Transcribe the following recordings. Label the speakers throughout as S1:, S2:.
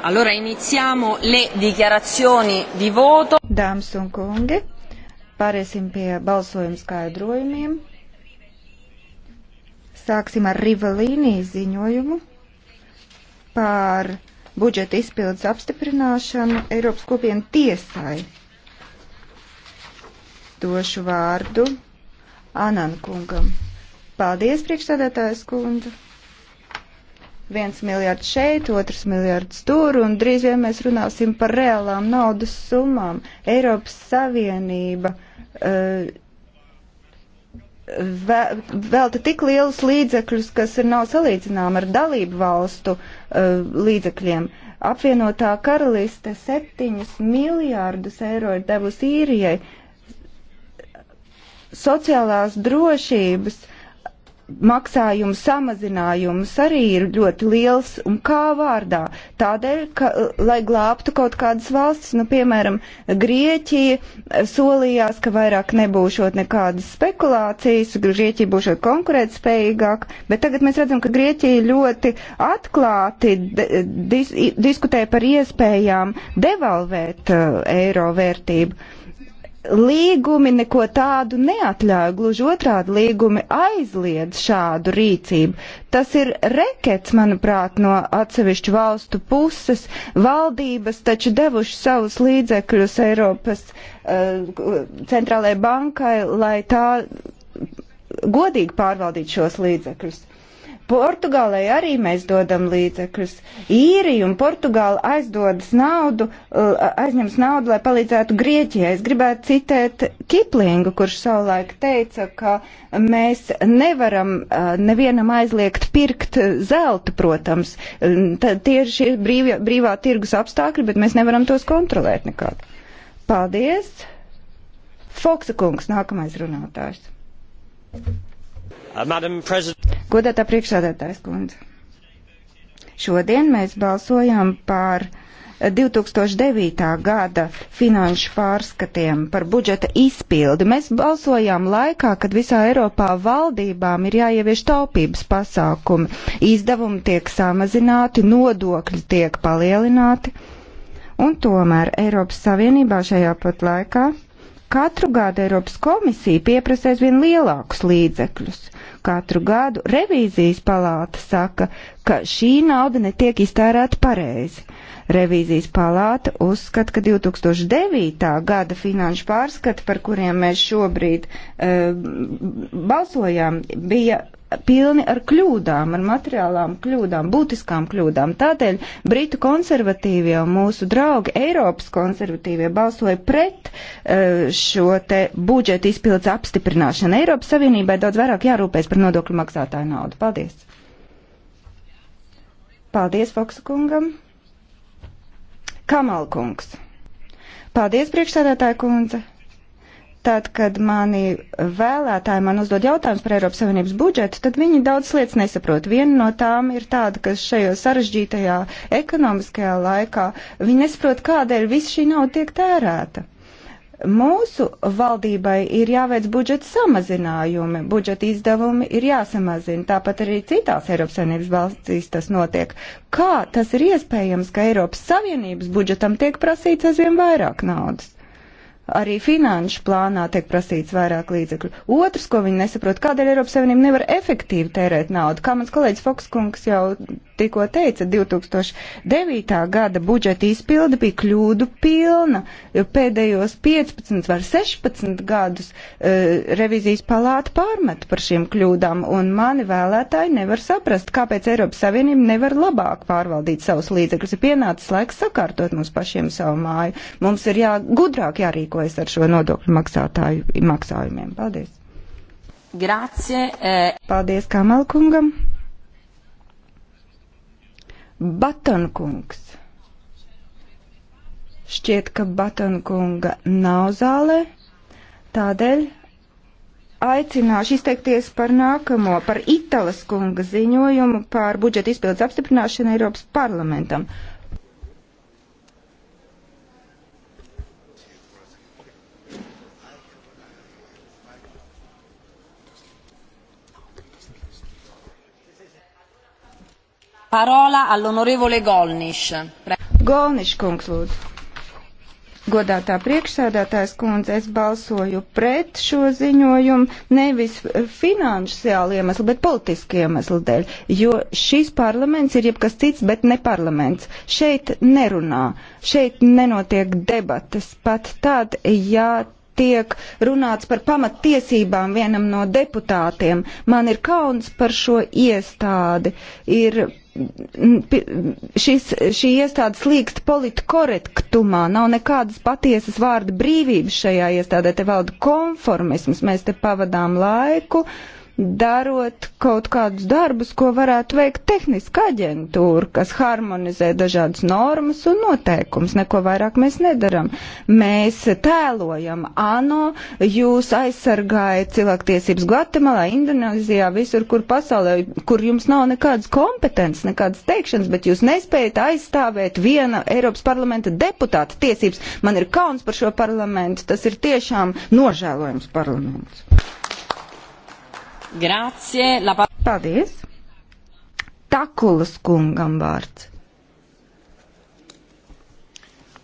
S1: Allora iniziamo le dichiarazioni di voto. Dāmas un kungi, pāriesim pie balsojuma skaidrojumiem. Sāksim ar Rivalīnī ziņojumu par budžeta izpildes apstiprināšanu Eiropas kopienu tiesai. Došu vārdu Anan kungam. Paldies, priekšsēdētājs kundze! viens miljards šeit, otrs miljards tur, un drīz vien mēs runāsim par reālām naudas summām. Eiropas Savienība uh, velta tik lielus līdzekļus, kas ir nav salīdzināmi ar dalību valstu uh, līdzekļiem. Apvienotā karaliste septiņus miljārdus eiro ir devusi īrijai sociālās drošības uh, maksājumu samazinājums arī ir ļoti liels un kā vārdā. Tādēļ, ka, lai glābtu kaut kādas valstis, nu, piemēram, Grieķija solījās, ka vairāk nebūšot nekādas spekulācijas, Grieķija būšot konkurētspējīgāk, bet tagad mēs redzam, ka Grieķija ļoti atklāti dis diskutē par iespējām devalvēt uh, eiro vērtību. Līgumi neko tādu neatļauj, gluži otrādi līgumi aizliedz šādu rīcību. Tas ir rekets, manuprāt, no atsevišķu valstu puses. Valdības taču devuši savus līdzekļus Eiropas uh, centrālajai bankai, lai tā godīgi pārvaldītu šos līdzekļus. Uh, Portugālei arī mēs dodam līdzekļus. Īrija un Portugāla aizdodas naudu, uh, aizņems naudu, lai palīdzētu Grieķijai. Es gribētu citēt Kiplingu, kurš savulaik teica, ka mēs nevaram uh, nevienam aizliegt pirkt zeltu, protams. Tad tieši šie brīvā, brīvā tirgus apstākļi, bet mēs nevaram tos kontrolēt nekād. Paldies! Foksa kungs, nākamais runātājs. Thank
S2: you. Uh,
S1: Godātā priekšsādātājs kundze. Šodien mēs balsojam par 2009. Eh, gada finanšu pārskatiem par budžeta izpildi. Mēs balsojām laikā, kad visā Eiropā valdībām ir jāievieš taupības pasākumi. Izdevumi tiek samazināti, nodokļi tiek palielināti. Un tomēr Eiropas Savienībā šajā pat laikā Katru gadu Eiropas komisija pieprasa aizvien lielākus līdzekļus. Katru gadu revīzijas palāta saka, ka šī nauda netiek iztērēta pareizi. Revīzijas palāta uzskata, ka 2009. gada finanšu pārskata, par kuriem mēs šobrīd uh, balsojām, bija pilni ar kļūdām, ar materiālām kļūdām, būtiskām kļūdām. Tādēļ Britu konservatīvie un mūsu draugi Eiropas konservatīvie balsoja pret eh, šo te budžeta izpildes apstiprināšanu. Eiropas Savienībai daudz vairāk jārūpēs par nodokļu maksātāju naudu. Paldies! Paldies, Foksa kungam! Kamalkungs. Paldies, priekšsēdētāja kundze. Tad, kad mani vēlētāji man uzdod jautājumus par Eiropas Savienības budžetu, tad viņi daudz lietas nesaprot. Viena no tām ir tāda, ka šajā sarežģītajā ekonomiskajā laikā viņi nesaprot, kādēļ viss šī nauda tiek tērēta. Mūsu valdībai ir jāveic budžeta samazinājumi, budžeta izdevumi ir jāsamazina, tāpat arī citās Eiropas Savienības valstīs tas notiek. Kā tas ir iespējams, ka Eiropas Savienības budžetam tiek prasīts aizvien vairāk naudas? Arī finanšu plānā tiek prasīts vairāk līdzekļu. Otrs, ko viņi nesaprot, kādēļ Eiropas Savienība nevar efektīvi tērēt naudu, kā mans kolēģis Fokskungs jau tikko teica, 2009. gada budžeta izpilde bija kļūdu pilna, jo pēdējos 15 vai 16 gadus uh, revizijas palāta pārmet par šīm kļūdām, un mani vēlētāji nevar saprast, kāpēc Eiropas Savienība nevar labāk pārvaldīt savus līdzekļus. Ir pienācis laiks sakārtot mums pašiem savu māju. Mums ir jā, gudrāk jārīkojas ar šo nodokļu maksātāju maksājumiem. Paldies! Grazie. Eh. Paldies Kamalkungam. Batonkungs. Šķiet, ka Batonkunga nav zālē, tādēļ aicināšu izteikties par nākamo, par Italas kunga ziņojumu par budžeta izpildes apstiprināšanu Eiropas parlamentam. parola all'onorevole Golniš. Golniš kungs lūdzu. Godātā priekšsēdētājs kundze, es balsoju pret šo ziņojumu nevis finansiāli iemeslu, bet politiski iemeslu dēļ, jo šis parlaments ir jebkas cits, bet ne parlaments. Šeit nerunā, šeit nenotiek debatas, pat tad, ja tiek runāts par pamattiesībām vienam no deputātiem. Man ir kauns par šo iestādi. Ir šis, šī iestāde slīkst politkorektumā, nav nekādas patiesas vārda brīvības šajā iestādē, te valda konformisms, mēs te pavadām laiku. Uh, darot kaut kādus darbus, ko varētu veikt tehniska aģentūra, kas harmonizē dažādas normas un noteikums. Neko vairāk mēs nedaram. Mēs tēlojam ANO, jūs aizsargājat cilvēktiesības Gvatemalā, Indonēzijā, visur, kur pasaulē, kur jums nav nekādas kompetences, nekādas teikšanas, bet jūs nespējat aizstāvēt viena Eiropas parlamenta deputāta tiesības. Man ir kauns par šo parlamentu, tas ir tiešām nožēlojams parlaments. Grācie. Labā. Paldies. Takulas kungam vārds.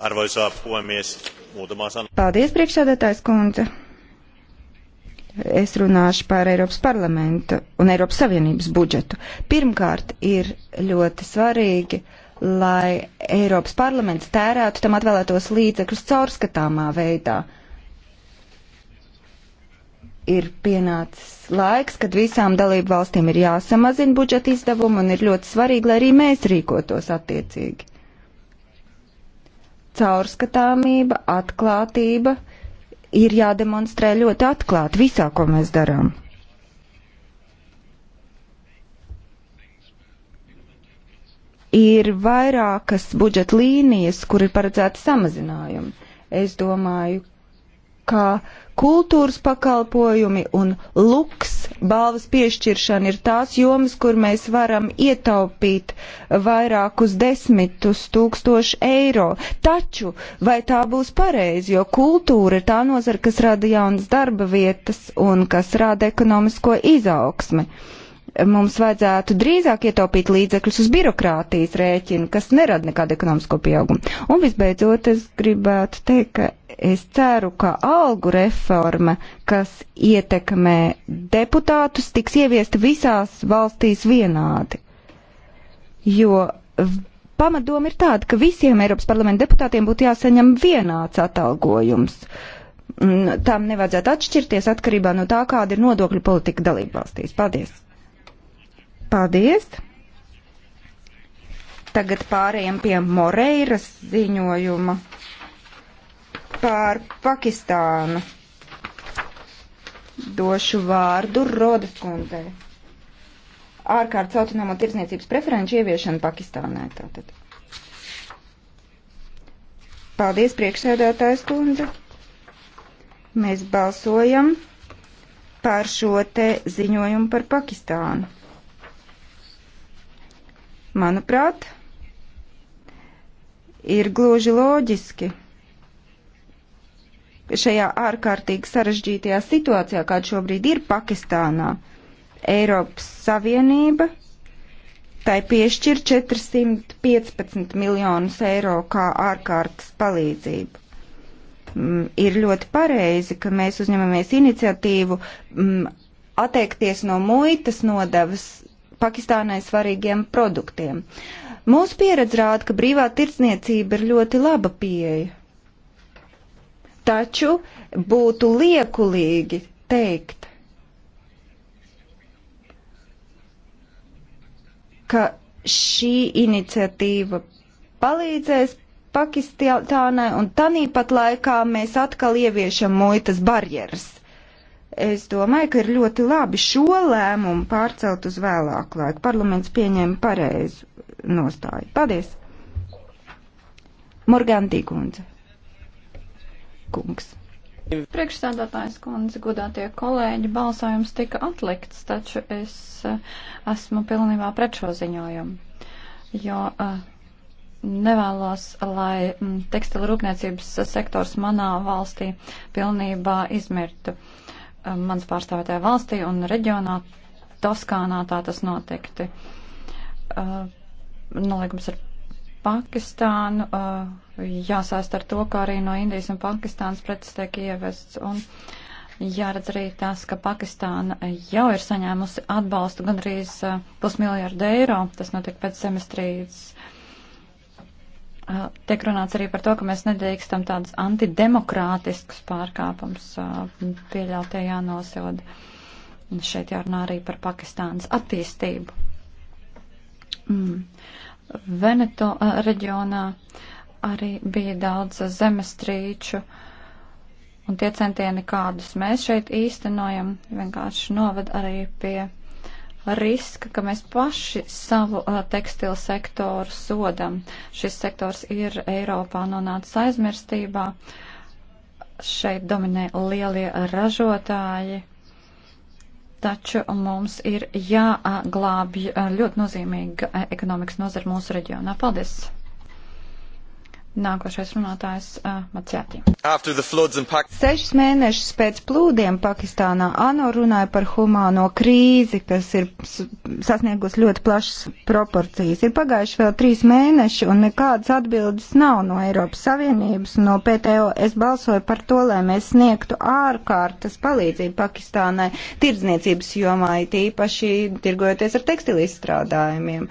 S1: Arvoisā puhemies, muutama sana. Paldies, priekšsēdētājs kundze. Es runāšu par Eiropas parlamentu un Eiropas Savienības budžetu. Pirmkārt, ir ļoti svarīgi, lai Eiropas parlaments tērētu tam atvēlētos līdzekļus caurskatāmā veidā. Uh, ir pienācis laiks, kad visām dalību valstīm ir jāsamazina budžeta izdevumu un ir ļoti svarīgi, lai arī mēs rīkotos attiecīgi. Caurskatāmība, atklātība ir jādemonstrē ļoti atklāti visā, ko mēs darām. Ir vairākas budžeta līnijas, kur ir paredzēti samazinājumi. Es domāju, kā kultūras pakalpojumi un luks balvas piešķiršana ir tās jomas, kur mēs varam ietaupīt vairākus desmitus tūkstošu eiro. Taču vai tā būs pareizi, jo kultūra ir tā nozara, kas rada jaunas darba vietas un kas rada ekonomisko izaugsmi mums vajadzētu drīzāk ietaupīt līdzekļus uz birokrātijas rēķinu, kas nerada nekādu ekonomisko pieaugumu. Un visbeidzot, es gribētu teikt, ka es ceru, ka algu reforma, kas ietekmē deputātus, tiks ieviesta visās valstīs vienādi. Jo pamatdoma ir tāda, ka visiem Eiropas parlamenta deputātiem būtu jāsaņem vienāds atalgojums. Tām mm, nevajadzētu atšķirties atkarībā no tā, kāda ir nodokļu politika dalībvalstīs. Paldies! Paldies! Tagad pārējiem pie Moreiras ziņojuma pār Pakistānu. Došu vārdu Rodas kundzei. Ārkārtas autonomo tirsniecības preferenču ieviešana Pakistānē. Tātad. Paldies, priekšsēdētājs kundze. Mēs balsojam par šo te ziņojumu par Pakistānu. Manuprāt, ir gluži loģiski šajā ārkārtīgi sarežģītajā situācijā, kāda šobrīd ir Pakistānā, Eiropas Savienība tai piešķir 415 miljonus eiro kā ārkārtas palīdzību. Mm, ir ļoti pareizi, ka mēs uzņemamies iniciatīvu mm, atteikties no muitas nodevas Pakistānai svarīgiem produktiem. Mūsu pieredze rāda, ka brīvā tirdzniecība ir ļoti laba pieeja. Taču būtu liekulīgi teikt, ka šī iniciatīva palīdzēs Pakistānai, un tanīpat laikā mēs atkal ieviešam muitas barjeras. Es domāju, ka ir ļoti labi šo lēmumu pārcelt uz vēlāku laiku. Parlaments pieņēma pareizu nostāju. Paldies! Morgantī kundze. Kungs.
S2: Priekšsēdētājs kundze, godātie kolēģi, balsojums tika atlikts, taču es eh, esmu pilnībā pret šo ziņojumu, jo eh, nevēlos, lai mm, tekstila rūpniecības sektors manā valstī pilnībā izmirtu. Uh, Eh, mans pārstāvētajā valstī un reģionā Toskānā tā tas notikti. Uh, nolīgums ar Pakistānu uh, eh, jāsāst ar to, ka arī no Indijas un Pakistānas preces tiek ievests. Un jāredz arī tas, ka Pakistāna jau ir saņēmusi atbalstu gandrīz uh, pusmiljardu eiro. Tas notika pēc zemestrīces tiek runāts arī par to, ka mēs nedrīkstam tādus antidemokrātiskus pārkāpums pieļautie jānosoda. Un šeit jārunā arī par Pakistānas attīstību. Mm. Veneto reģionā arī bija daudz zemestrīču, un tie centieni, kādus mēs šeit īstenojam, vienkārši novad arī pie riska, ka mēs paši savu uh, tekstilu sektoru sodam. Šis sektors ir Eiropā nonācis aizmirstībā. Šeit dominē lielie ražotāji. Taču mums ir jāglābj ļoti nozīmīga ekonomikas nozara mūsu reģionā. Paldies! Nākošais runātājs uh, Maciati. Sešus mēnešus pēc plūdiem Pakistānā
S1: ANO runāja par humāno krīzi, kas ir sasniegus ļoti plašas proporcijas. Ir pagājuši vēl trīs mēneši un nekādas atbildes nav no Eiropas Savienības un no PTO. Es balsoju par to, lai mēs sniegtu ārkārtas palīdzību Pakistānai tirdzniecības jomā, it īpaši tirgojoties ar tekstilizstrādājumiem.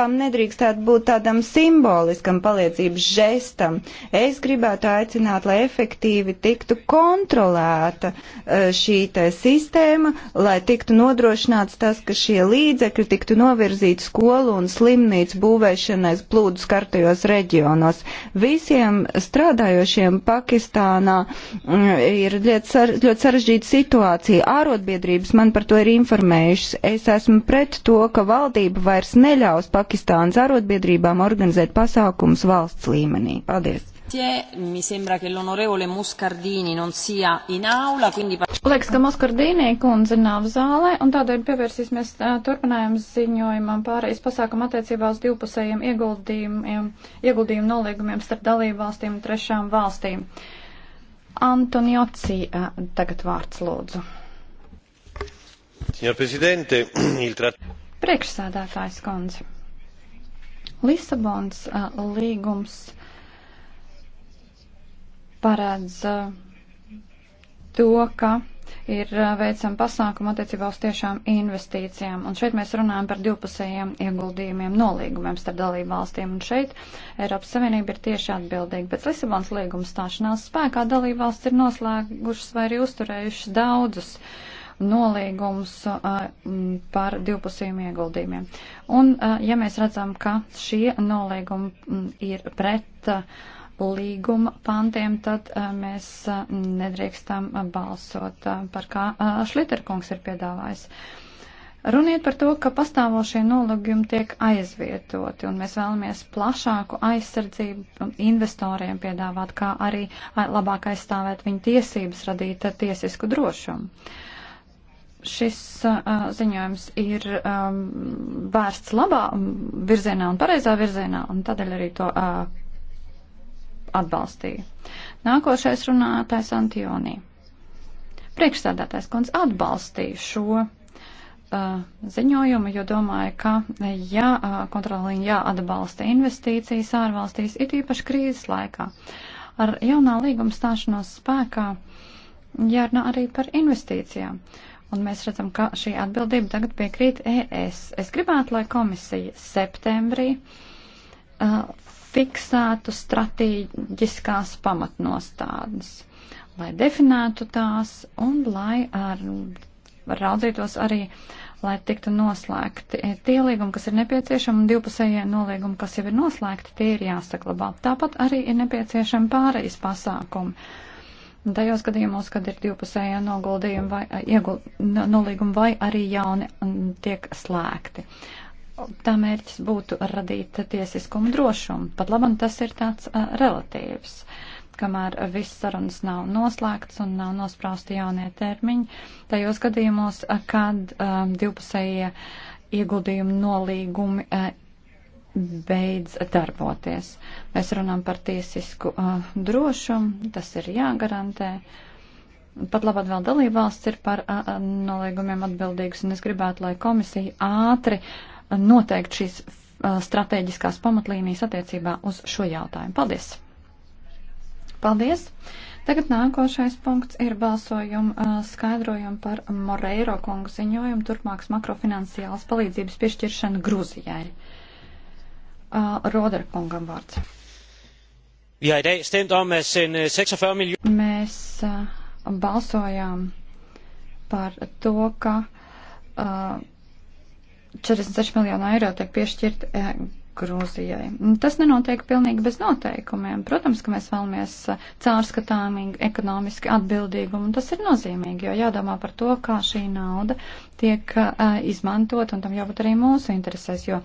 S1: Tam nedrīkstētu būt tādam simboliskam palīdzības žēl saistam. Es gribētu aicināt, lai efektīvi tiktu kontrolēta e, šī sistēma, lai tiktu nodrošināts tas, ka šie līdzekļi tiktu novirzīti skolu un slimnīcu būvēšanai plūdu skartajos reģionos. Visiem strādājošiem Pakistānā mm, ir ļoti sarežģīta situācija. Ārotbiedrības man par to ir informējušas. Es esmu pret to, ka valdība vairs neļaus Pakistānas arotbiedrībām organizēt pasākumus valsts līmenī līmenī. Paldies!
S2: Mi sembra che l'onorevole Muscardini non sia in aula, quindi... Liekas, ka Muscardini kundze nav zālē, un tādēļ pievērsīsimies turpinājumu ziņojumam pārējais pasākumu attiecībā uz divpusējiem ieguldījumiem, ieguldījumu nolīgumiem starp dalību valstīm un trešām valstīm. Antoniocī tagad vārds lūdzu. Priekšsādātājs kundze. Lisabons līgums paredz uh, to, ka ir uh, veicama pasākuma attiecībā uz tiešām investīcijām. Un šeit mēs runājam par divpusējiem ieguldījumiem, nolīgumiem starp dalību valstīm. Un šeit Eiropas Savienība ir tieši atbildīga. Pēc Lisabonas līguma stāšanās spēkā dalību valsts ir noslēgušas vai arī uzturējušas daudzus nolīgumus uh, par divpusējiem ieguldījumiem. Un ja mēs redzam, ka šie nolīgumi ir pret līguma pantiem, tad eh, mēs eh, nedrīkstam eh, balsot par kā Šliterkungs ir piedāvājis. Runiet par to, ka pastāvošie nolūgumi tiek aizvietoti, un mēs vēlamies plašāku aizsardzību investoriem piedāvāt, kā arī labāk aizstāvēt viņu tiesības radīt tiesisku drošumu. Šis uh, ziņojums ir um, vērsts labā virzienā un pareizā virzienā, un tādēļ arī to uh, atbalstīja. Nākošais runātājs Antionī. Priekšsādātājs kundze atbalstīja šo uh, ziņojumu, jo domāju, ka ja uh, kontrolīņa jāatbalsta investīcijas ārvalstīs, it īpaši krīzes laikā. Ar jaunā līguma stāšanos spēkā jārunā arī par investīcijām. Un mēs redzam, ka šī atbildība tagad piekrīt ES. Es gribētu, lai komisija septembrī uh, fiksētu strateģiskās pamatnostādnes, lai definētu tās un lai ar, raudzītos arī, lai tiktu noslēgti tie līgumi, kas ir nepieciešami, un divpusējie nolīgumi, kas jau ir noslēgti, tie ir jāsaglabā. Tāpat arī ir nepieciešami pārejas pasākumi. Tajos gadījumos, kad ir divpusējā noguldījuma vai iegul, nolīguma vai arī jauni tiek slēgti tā mērķis būtu radīt tiesiskumu drošumu. Pat labam tas ir tāds uh, relatīvs. Kamēr viss sarunas nav noslēgts un nav nosprausti jaunie termiņi, tajos gadījumos, kad uh, divpusējie ieguldījumu nolīgumi uh, beidz darboties. Mēs runām par tiesisku uh, drošumu, tas ir jāgarantē. Pat labāk vēl dalībvalsts ir par uh, nolīgumiem atbildīgs, un es gribētu, lai komisija ātri uh, noteikt šīs uh, stratēģiskās pamatlīnijas attiecībā uz šo jautājumu. Paldies! Paldies! Tagad nākošais punkts ir balsojuma uh, skaidrojuma par Moreiro kungu ziņojumu turpmākas makrofinansiālas palīdzības piešķiršana Grūzijai. Uh, Roder kungam vārds. Jā, ideja stemt om 46 miljonu. Mēs eh, balsojām par to, ka uh, 46 miljonu eiro tiek piešķirt e, Grūzijai. Tas nenotiek pilnīgi bez noteikumiem. Protams, ka mēs vēlamies e, caurskatāmīgi, ekonomiski atbildīgu, un tas ir nozīmīgi, jo jādomā par to, kā šī nauda tiek e, izmantot, un tam jābūt arī mūsu interesēs, jo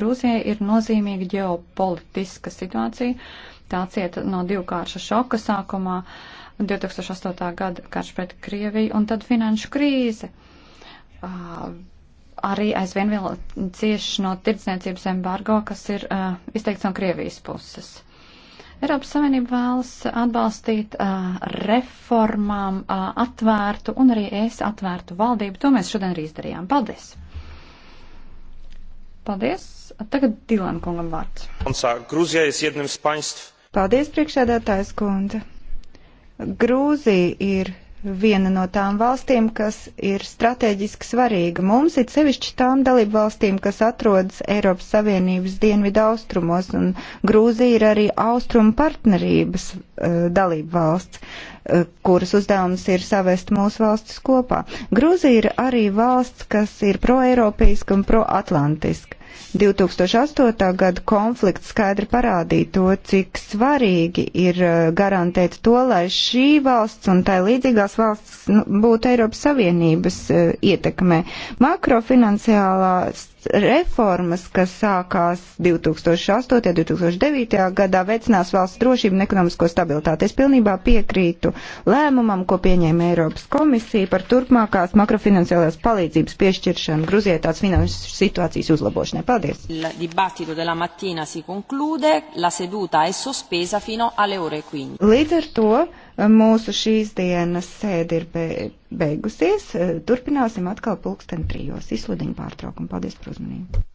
S2: Grūzijai ir nozīmīga ģeopolitiska situācija. Tā cieta no divkārša šoka sākumā 2008. gada karš pret Krieviju un tad finanšu krīze. Uh, arī aizvien vēl cieši no tirdzniecības embargo, kas ir uh, izteikts no Krievijas puses. Eiropas Savienība vēlas atbalstīt uh, reformām uh, atvērtu un arī es atvērtu valdību. To mēs šodien arī izdarījām. Paldies! Paldies! Tagad Dilana kungam vārds. Paldies,
S1: priekšēdētājs kundze! Grūzija ir viena no tām valstīm, kas ir strateģiski svarīga mums, ir sevišķi tām dalību valstīm, kas atrodas Eiropas Savienības dienvidu austrumos, un Grūzija ir arī austrumu partnerības uh, dalību valsts, uh, kuras uzdevums ir savest mūsu valstis kopā. Grūzija ir arī valsts, kas ir proeiropeiska un proatlantiska. 2008. gada konflikts skaidri parādīja to, cik svarīgi ir eh, garantēt to, lai šī valsts un tai līdzīgās valsts nu, būtu Eiropas Savienības eh, ietekmē. Makrofinanciālās reformas, kas sākās 2008. un 2009. gadā, veicinās valsts drošību un ekonomisko stabilitāti. Es pilnībā piekrītu lēmumam, ko pieņēma Eiropas komisija par turpmākās makrofinanciālās palīdzības piešķiršanu Gruzietāts finanšu situācijas uzlabošanai. Paldies! La dibattito della mattina si conclude, la seduta è sospesa fino alle ore 15. Līdz ar to Mūsu šīs dienas sēde ir be, beigusies. Turpināsim atkal pulksten trijos. Izsludinu pārtraukumu. Paldies par uzmanību.